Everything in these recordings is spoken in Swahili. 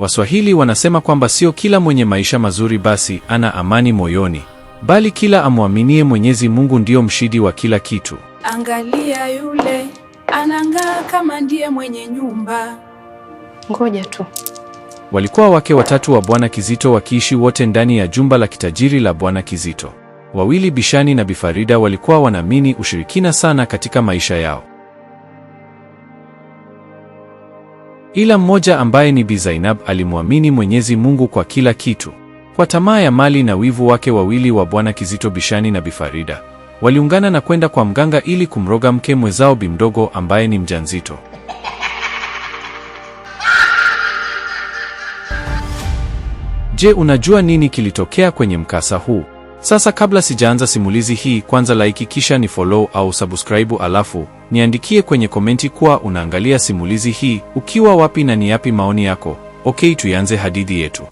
Waswahili wanasema kwamba sio kila mwenye maisha mazuri basi ana amani moyoni, bali kila amwaminie Mwenyezi Mungu ndiyo mshindi wa kila kitu. Angalia yule anang'aa kama ndiye mwenye nyumba. Ngoja tu. Walikuwa wake watatu wa Bwana Kizito wakiishi wote ndani ya jumba la kitajiri la Bwana Kizito. Wawili Bishani na Bifarida walikuwa wanaamini ushirikina sana katika maisha yao. Ila mmoja ambaye ni Bi Zainab alimwamini Mwenyezi Mungu kwa kila kitu. Kwa tamaa ya mali na wivu wake wawili wa bwana Kizito Bishani na Bi Farida waliungana na kwenda kwa mganga ili kumroga mke mwenzao Bi Mdogo ambaye ni mjanzito. Je, unajua nini kilitokea kwenye mkasa huu? Sasa kabla sijaanza simulizi hii, kwanza like kisha ni follow au subscribe alafu niandikie kwenye komenti kuwa unaangalia simulizi hii ukiwa wapi na ni yapi maoni yako. Okay, tuanze hadithi yetu.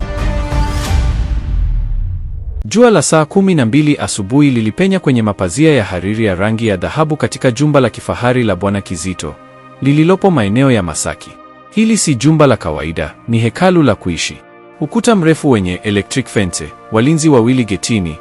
Jua la saa kumi na mbili asubuhi lilipenya kwenye mapazia ya hariri ya rangi ya dhahabu katika jumba la kifahari la Bwana Kizito lililopo maeneo ya Masaki. Hili si jumba la kawaida, ni hekalu la kuishi. Ukuta mrefu wenye electric fence, walinzi wawili getini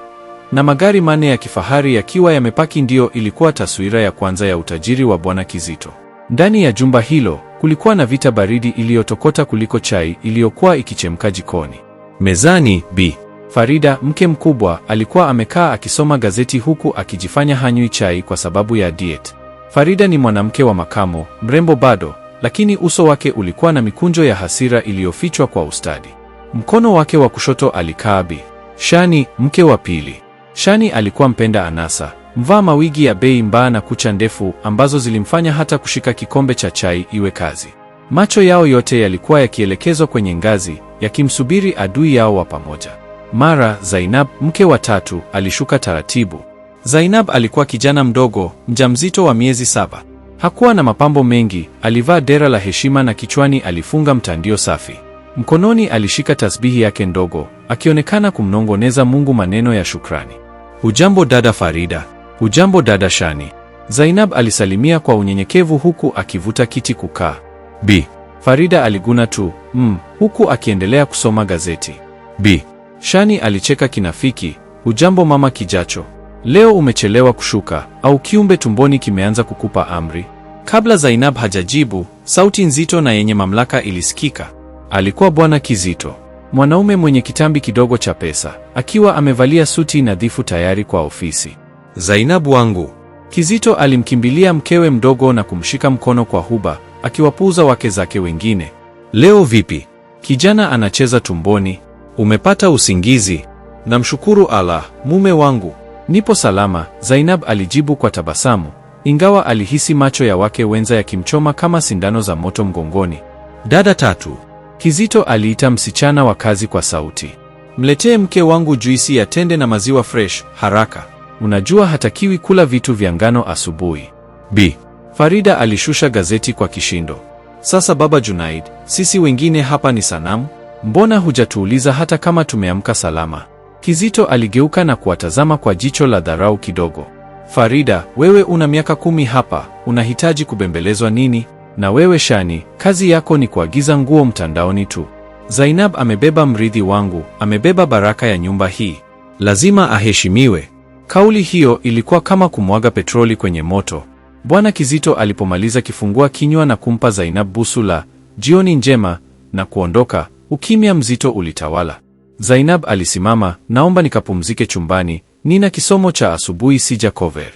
na magari manne ya kifahari yakiwa yamepaki, ndio ilikuwa taswira ya kwanza ya utajiri wa Bwana Kizito. Ndani ya jumba hilo kulikuwa na vita baridi iliyotokota kuliko chai iliyokuwa ikichemka jikoni. Mezani, Bi Farida, mke mkubwa, alikuwa amekaa akisoma gazeti huku akijifanya hanywi chai kwa sababu ya diet. Farida ni mwanamke wa makamo, mrembo bado, lakini uso wake ulikuwa na mikunjo ya hasira iliyofichwa kwa ustadi. Mkono wake wa kushoto alikaa Bi Shani, mke wa pili. Shani alikuwa mpenda anasa, mvaa mawigi ya bei mbaya na kucha ndefu ambazo zilimfanya hata kushika kikombe cha chai iwe kazi. Macho yao yote yalikuwa yakielekezwa kwenye ngazi, yakimsubiri adui yao wa pamoja. Mara Zainab, mke wa tatu, alishuka taratibu. Zainab alikuwa kijana mdogo, mjamzito wa miezi saba. Hakuwa na mapambo mengi, alivaa dera la heshima na kichwani alifunga mtandio safi. Mkononi alishika tasbihi yake ndogo, akionekana kumnongoneza Mungu maneno ya shukrani. Hujambo dada Farida. Hujambo dada Shani. Zainab alisalimia kwa unyenyekevu huku akivuta kiti kukaa. Bi Farida aliguna tu mm, huku akiendelea kusoma gazeti. Bi Shani alicheka kinafiki. Hujambo mama kijacho, leo umechelewa kushuka au kiumbe tumboni kimeanza kukupa amri? Kabla Zainab hajajibu, sauti nzito na yenye mamlaka ilisikika. Alikuwa bwana Kizito. Mwanaume mwenye kitambi kidogo cha pesa, akiwa amevalia suti nadhifu tayari kwa ofisi. Zainabu wangu. Kizito alimkimbilia mkewe mdogo na kumshika mkono kwa huba, akiwapuuza wake zake wengine. Leo vipi? Kijana anacheza tumboni. Umepata usingizi? Namshukuru Allah, mume wangu. Nipo salama, Zainab alijibu kwa tabasamu, ingawa alihisi macho ya wake wenza yakimchoma kama sindano za moto mgongoni. Dada tatu, Kizito aliita msichana wa kazi kwa sauti, mletee mke wangu juisi ya tende na maziwa fresh haraka, unajua hatakiwi kula vitu vya ngano asubuhi. Bi Farida alishusha gazeti kwa kishindo. Sasa baba Junaid, sisi wengine hapa ni sanamu? Mbona hujatuuliza hata kama tumeamka salama? Kizito aligeuka na kuwatazama kwa jicho la dharau kidogo. Farida, wewe una miaka kumi hapa, unahitaji kubembelezwa nini? Na wewe Shani, kazi yako ni kuagiza nguo mtandaoni tu. Zainab amebeba mrithi wangu, amebeba baraka ya nyumba hii, lazima aheshimiwe. Kauli hiyo ilikuwa kama kumwaga petroli kwenye moto. Bwana Kizito alipomaliza kifungua kinywa na kumpa Zainab busu la jioni njema na kuondoka, ukimya mzito ulitawala. Zainab alisimama, naomba nikapumzike chumbani, nina kisomo cha asubuhi sija cover.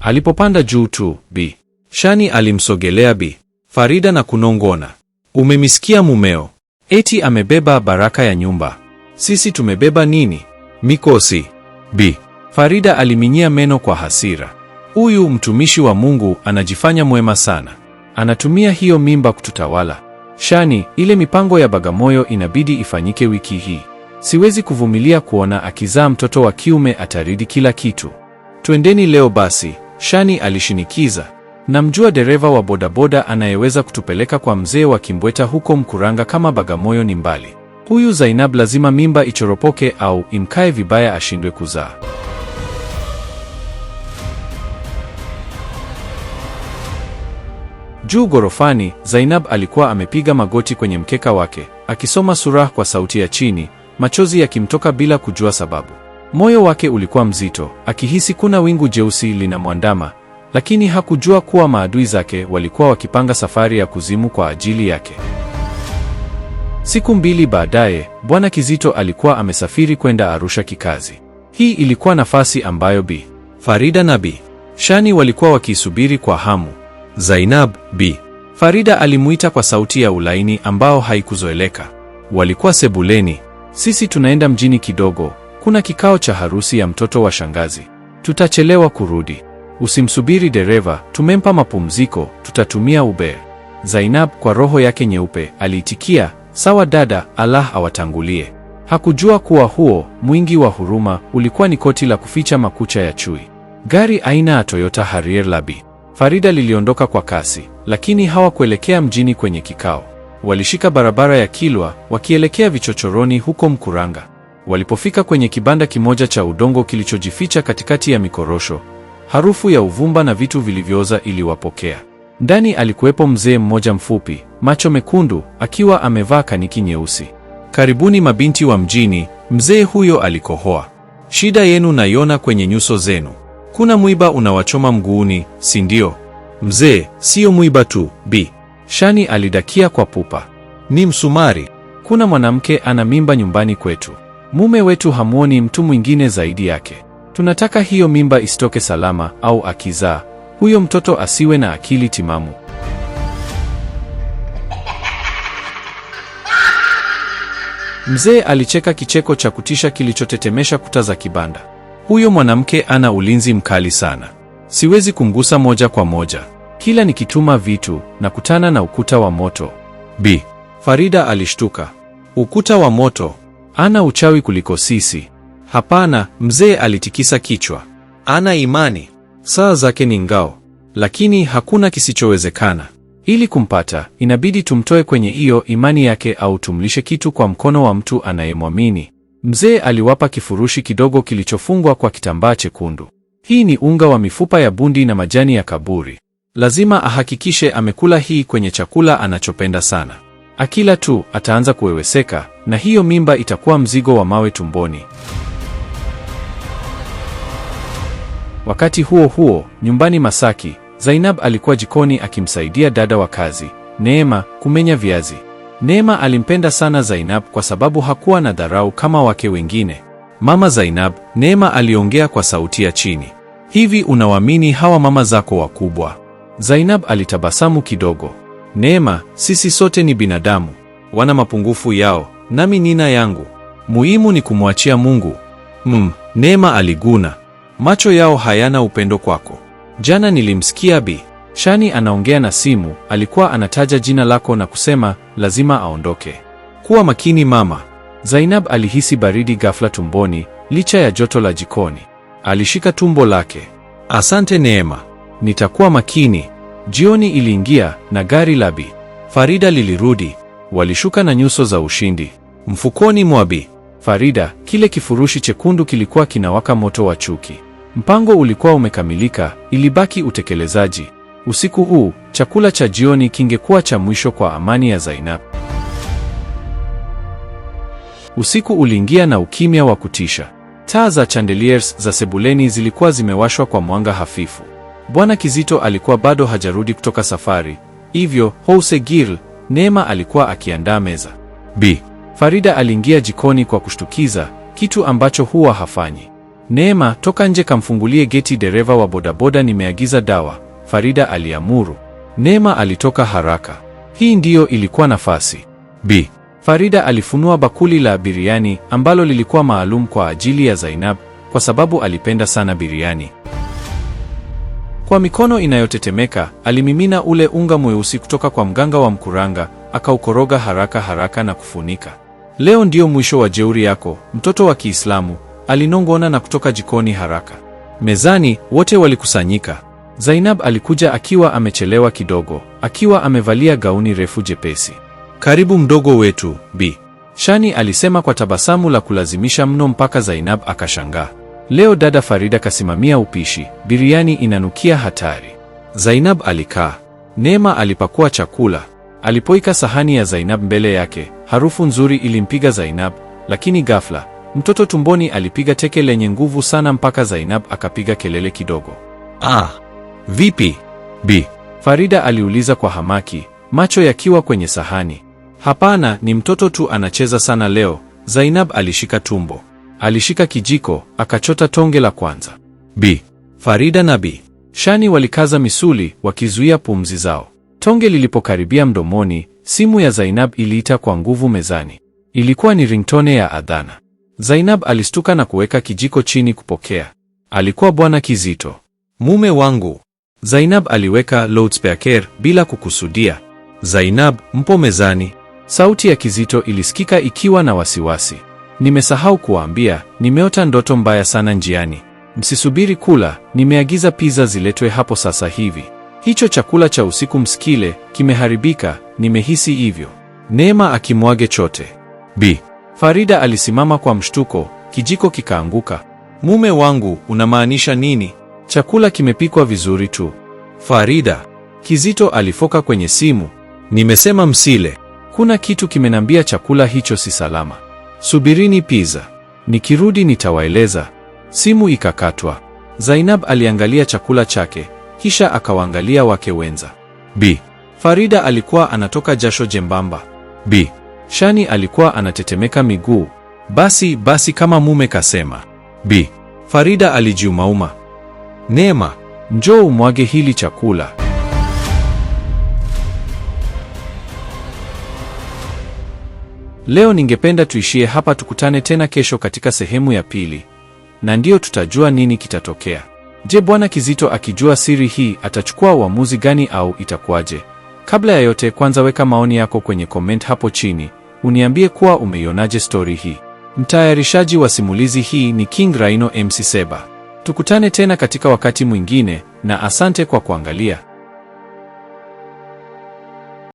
Alipopanda juu tu, Bi Shani alimsogelea Bi Farida na kunong'ona, umemisikia mumeo, eti amebeba baraka ya nyumba. Sisi tumebeba nini? Mikosi. Bi Farida aliminyia meno kwa hasira. Huyu mtumishi wa Mungu anajifanya mwema sana, anatumia hiyo mimba kututawala. Shani, ile mipango ya Bagamoyo inabidi ifanyike wiki hii. Siwezi kuvumilia kuona akizaa mtoto wa kiume ataridi kila kitu. Twendeni leo basi, Shani alishinikiza. Namjua dereva wa bodaboda anayeweza kutupeleka kwa mzee wa Kimbweta huko Mkuranga kama Bagamoyo ni mbali. Huyu Zainab lazima mimba ichoropoke au imkae vibaya ashindwe kuzaa. Juu gorofani, Zainab alikuwa amepiga magoti kwenye mkeka wake, akisoma surah kwa sauti ya chini, machozi yakimtoka bila kujua sababu. Moyo wake ulikuwa mzito, akihisi kuna wingu jeusi linamwandama, lakini hakujua kuwa maadui zake walikuwa wakipanga safari ya kuzimu kwa ajili yake. Siku mbili baadaye, Bwana Kizito alikuwa amesafiri kwenda Arusha kikazi. Hii ilikuwa nafasi ambayo Bi Farida na Bi Shani walikuwa wakiisubiri kwa hamu. Zainab, Bi Farida alimuita kwa sauti ya ulaini ambao haikuzoeleka. Walikuwa sebuleni. Sisi tunaenda mjini kidogo, kuna kikao cha harusi ya mtoto wa shangazi, tutachelewa kurudi. Usimsubiri dereva, tumempa mapumziko, tutatumia Uber. Zainab kwa roho yake nyeupe aliitikia, sawa dada, Allah awatangulie. Hakujua kuwa huo mwingi wa huruma ulikuwa ni koti la kuficha makucha ya chui. Gari aina ya Toyota Harrier Labi Farida liliondoka kwa kasi, lakini hawakuelekea mjini kwenye kikao. Walishika barabara ya Kilwa wakielekea vichochoroni huko Mkuranga. Walipofika kwenye kibanda kimoja cha udongo kilichojificha katikati ya mikorosho Harufu ya uvumba na vitu vilivyooza iliwapokea. Ndani alikuwepo mzee mmoja mfupi, macho mekundu, akiwa amevaa kaniki nyeusi. Karibuni mabinti wa mjini, mzee huyo alikohoa. Shida yenu naiona kwenye nyuso zenu. Kuna mwiba unawachoma mguuni, si ndio? Mzee, siyo mwiba tu bi Shani alidakia kwa pupa. Ni msumari. Kuna mwanamke ana mimba nyumbani kwetu. Mume wetu hamwoni mtu mwingine zaidi yake. Tunataka hiyo mimba isitoke salama, au akizaa huyo mtoto asiwe na akili timamu. Mzee alicheka kicheko cha kutisha kilichotetemesha kuta za kibanda. Huyo mwanamke ana ulinzi mkali sana, siwezi kumgusa moja kwa moja. Kila nikituma vitu nakutana na ukuta wa moto. Bi Farida alishtuka. Ukuta wa moto? Ana uchawi kuliko sisi. Hapana, mzee alitikisa kichwa. Ana imani, saa zake ni ngao, lakini hakuna kisichowezekana. Ili kumpata, inabidi tumtoe kwenye hiyo imani yake au tumlishe kitu kwa mkono wa mtu anayemwamini. Mzee aliwapa kifurushi kidogo kilichofungwa kwa kitambaa chekundu. Hii ni unga wa mifupa ya bundi na majani ya kaburi. Lazima ahakikishe amekula hii kwenye chakula anachopenda sana. Akila tu ataanza kuweweseka na hiyo mimba itakuwa mzigo wa mawe tumboni. Wakati huo huo, nyumbani Masaki, Zainab alikuwa jikoni akimsaidia dada wa kazi, Neema, kumenya viazi. Neema alimpenda sana Zainab kwa sababu hakuwa na dharau kama wake wengine. Mama Zainab, Neema aliongea kwa sauti ya chini. Hivi unawaamini hawa mama zako wakubwa? Zainab alitabasamu kidogo. Neema, sisi sote ni binadamu. Wana mapungufu yao, nami nina yangu. Muhimu ni kumwachia Mungu. Mm, Neema aliguna macho yao hayana upendo kwako. Jana nilimsikia Bi Shani anaongea na simu, alikuwa anataja jina lako na kusema lazima aondoke. Kuwa makini mama. Zainab alihisi baridi ghafla tumboni, licha ya joto la jikoni. Alishika tumbo lake. Asante Neema, nitakuwa makini. Jioni iliingia na gari la Bi Farida lilirudi. Walishuka na nyuso za ushindi. Mfukoni mwa Bi Farida, kile kifurushi chekundu kilikuwa kinawaka moto wa chuki. Mpango ulikuwa umekamilika, ilibaki utekelezaji. Usiku huu chakula cha jioni kingekuwa cha mwisho kwa amani ya Zainab. Usiku uliingia na ukimya wa kutisha. Taa za chandeliers za sebuleni zilikuwa zimewashwa kwa mwanga hafifu. Bwana Kizito alikuwa bado hajarudi kutoka safari, hivyo hose Gil Neema alikuwa akiandaa meza. Bi Farida aliingia jikoni kwa kushtukiza, kitu ambacho huwa hafanyi. Neema, toka nje kamfungulie geti dereva wa bodaboda, nimeagiza dawa, Farida aliamuru. Neema alitoka haraka. Hii ndiyo ilikuwa nafasi B. Farida alifunua bakuli la biriani ambalo lilikuwa maalum kwa ajili ya Zainab kwa sababu alipenda sana biriani. Kwa mikono inayotetemeka alimimina ule unga mweusi kutoka kwa mganga wa mkuranga, akaukoroga haraka haraka na kufunika. Leo ndiyo mwisho wa jeuri yako, mtoto wa Kiislamu, alinong'ona na kutoka jikoni haraka. Mezani wote walikusanyika. Zainab alikuja akiwa amechelewa kidogo, akiwa amevalia gauni refu jepesi. Karibu mdogo wetu, Bi Shani alisema kwa tabasamu la kulazimisha mno mpaka Zainab akashangaa. Leo dada Farida kasimamia upishi, biriani inanukia hatari. Zainab alikaa. Neema alipakua chakula. Alipoika sahani ya Zainab mbele yake, harufu nzuri ilimpiga Zainab, lakini ghafla Mtoto tumboni alipiga teke lenye nguvu sana mpaka Zainab akapiga kelele kidogo. Ah, vipi bi? Farida aliuliza kwa hamaki, macho yakiwa kwenye sahani. Hapana, ni mtoto tu anacheza sana leo. Zainab alishika tumbo, alishika kijiko, akachota tonge la kwanza. Bi Farida na Bi Shani walikaza misuli wakizuia pumzi zao. Tonge lilipokaribia mdomoni, simu ya Zainab iliita kwa nguvu mezani. Ilikuwa ni ringtone ya adhana. Zainab alistuka na kuweka kijiko chini kupokea. Alikuwa Bwana Kizito, mume wangu. Zainab aliweka loudspeaker bila kukusudia. Zainab, mpo mezani? Sauti ya Kizito ilisikika ikiwa na wasiwasi. Nimesahau kuwaambia, nimeota ndoto mbaya sana njiani. Msisubiri kula, nimeagiza pizza ziletwe hapo sasa hivi. Hicho chakula cha usiku msikile kimeharibika, nimehisi hivyo. Neema akimwage chote. Bi Farida alisimama kwa mshtuko, kijiko kikaanguka. Mume wangu, unamaanisha nini? Chakula kimepikwa vizuri tu. Farida, Kizito alifoka kwenye simu. Nimesema msile. Kuna kitu kimenambia chakula hicho si salama. Subirini pizza. Nikirudi nitawaeleza. Simu ikakatwa. Zainab aliangalia chakula chake, kisha akawaangalia wake wenza. Bi. Farida alikuwa anatoka jasho jembamba. Bi. Shani alikuwa anatetemeka miguu. Basi basi, kama mume kasema. Bi Farida alijiumauma. Neema, njoo umwage hili chakula. Leo ningependa tuishie hapa, tukutane tena kesho katika sehemu ya pili, na ndiyo tutajua nini kitatokea. Je, Bwana Kizito akijua siri hii atachukua uamuzi gani au itakuwaje? Kabla ya yote, kwanza weka maoni yako kwenye comment hapo chini. Uniambie kuwa umeionaje stori hii. Mtayarishaji wa simulizi hii ni King Rhino MC Seba. Tukutane tena katika wakati mwingine na asante kwa kuangalia.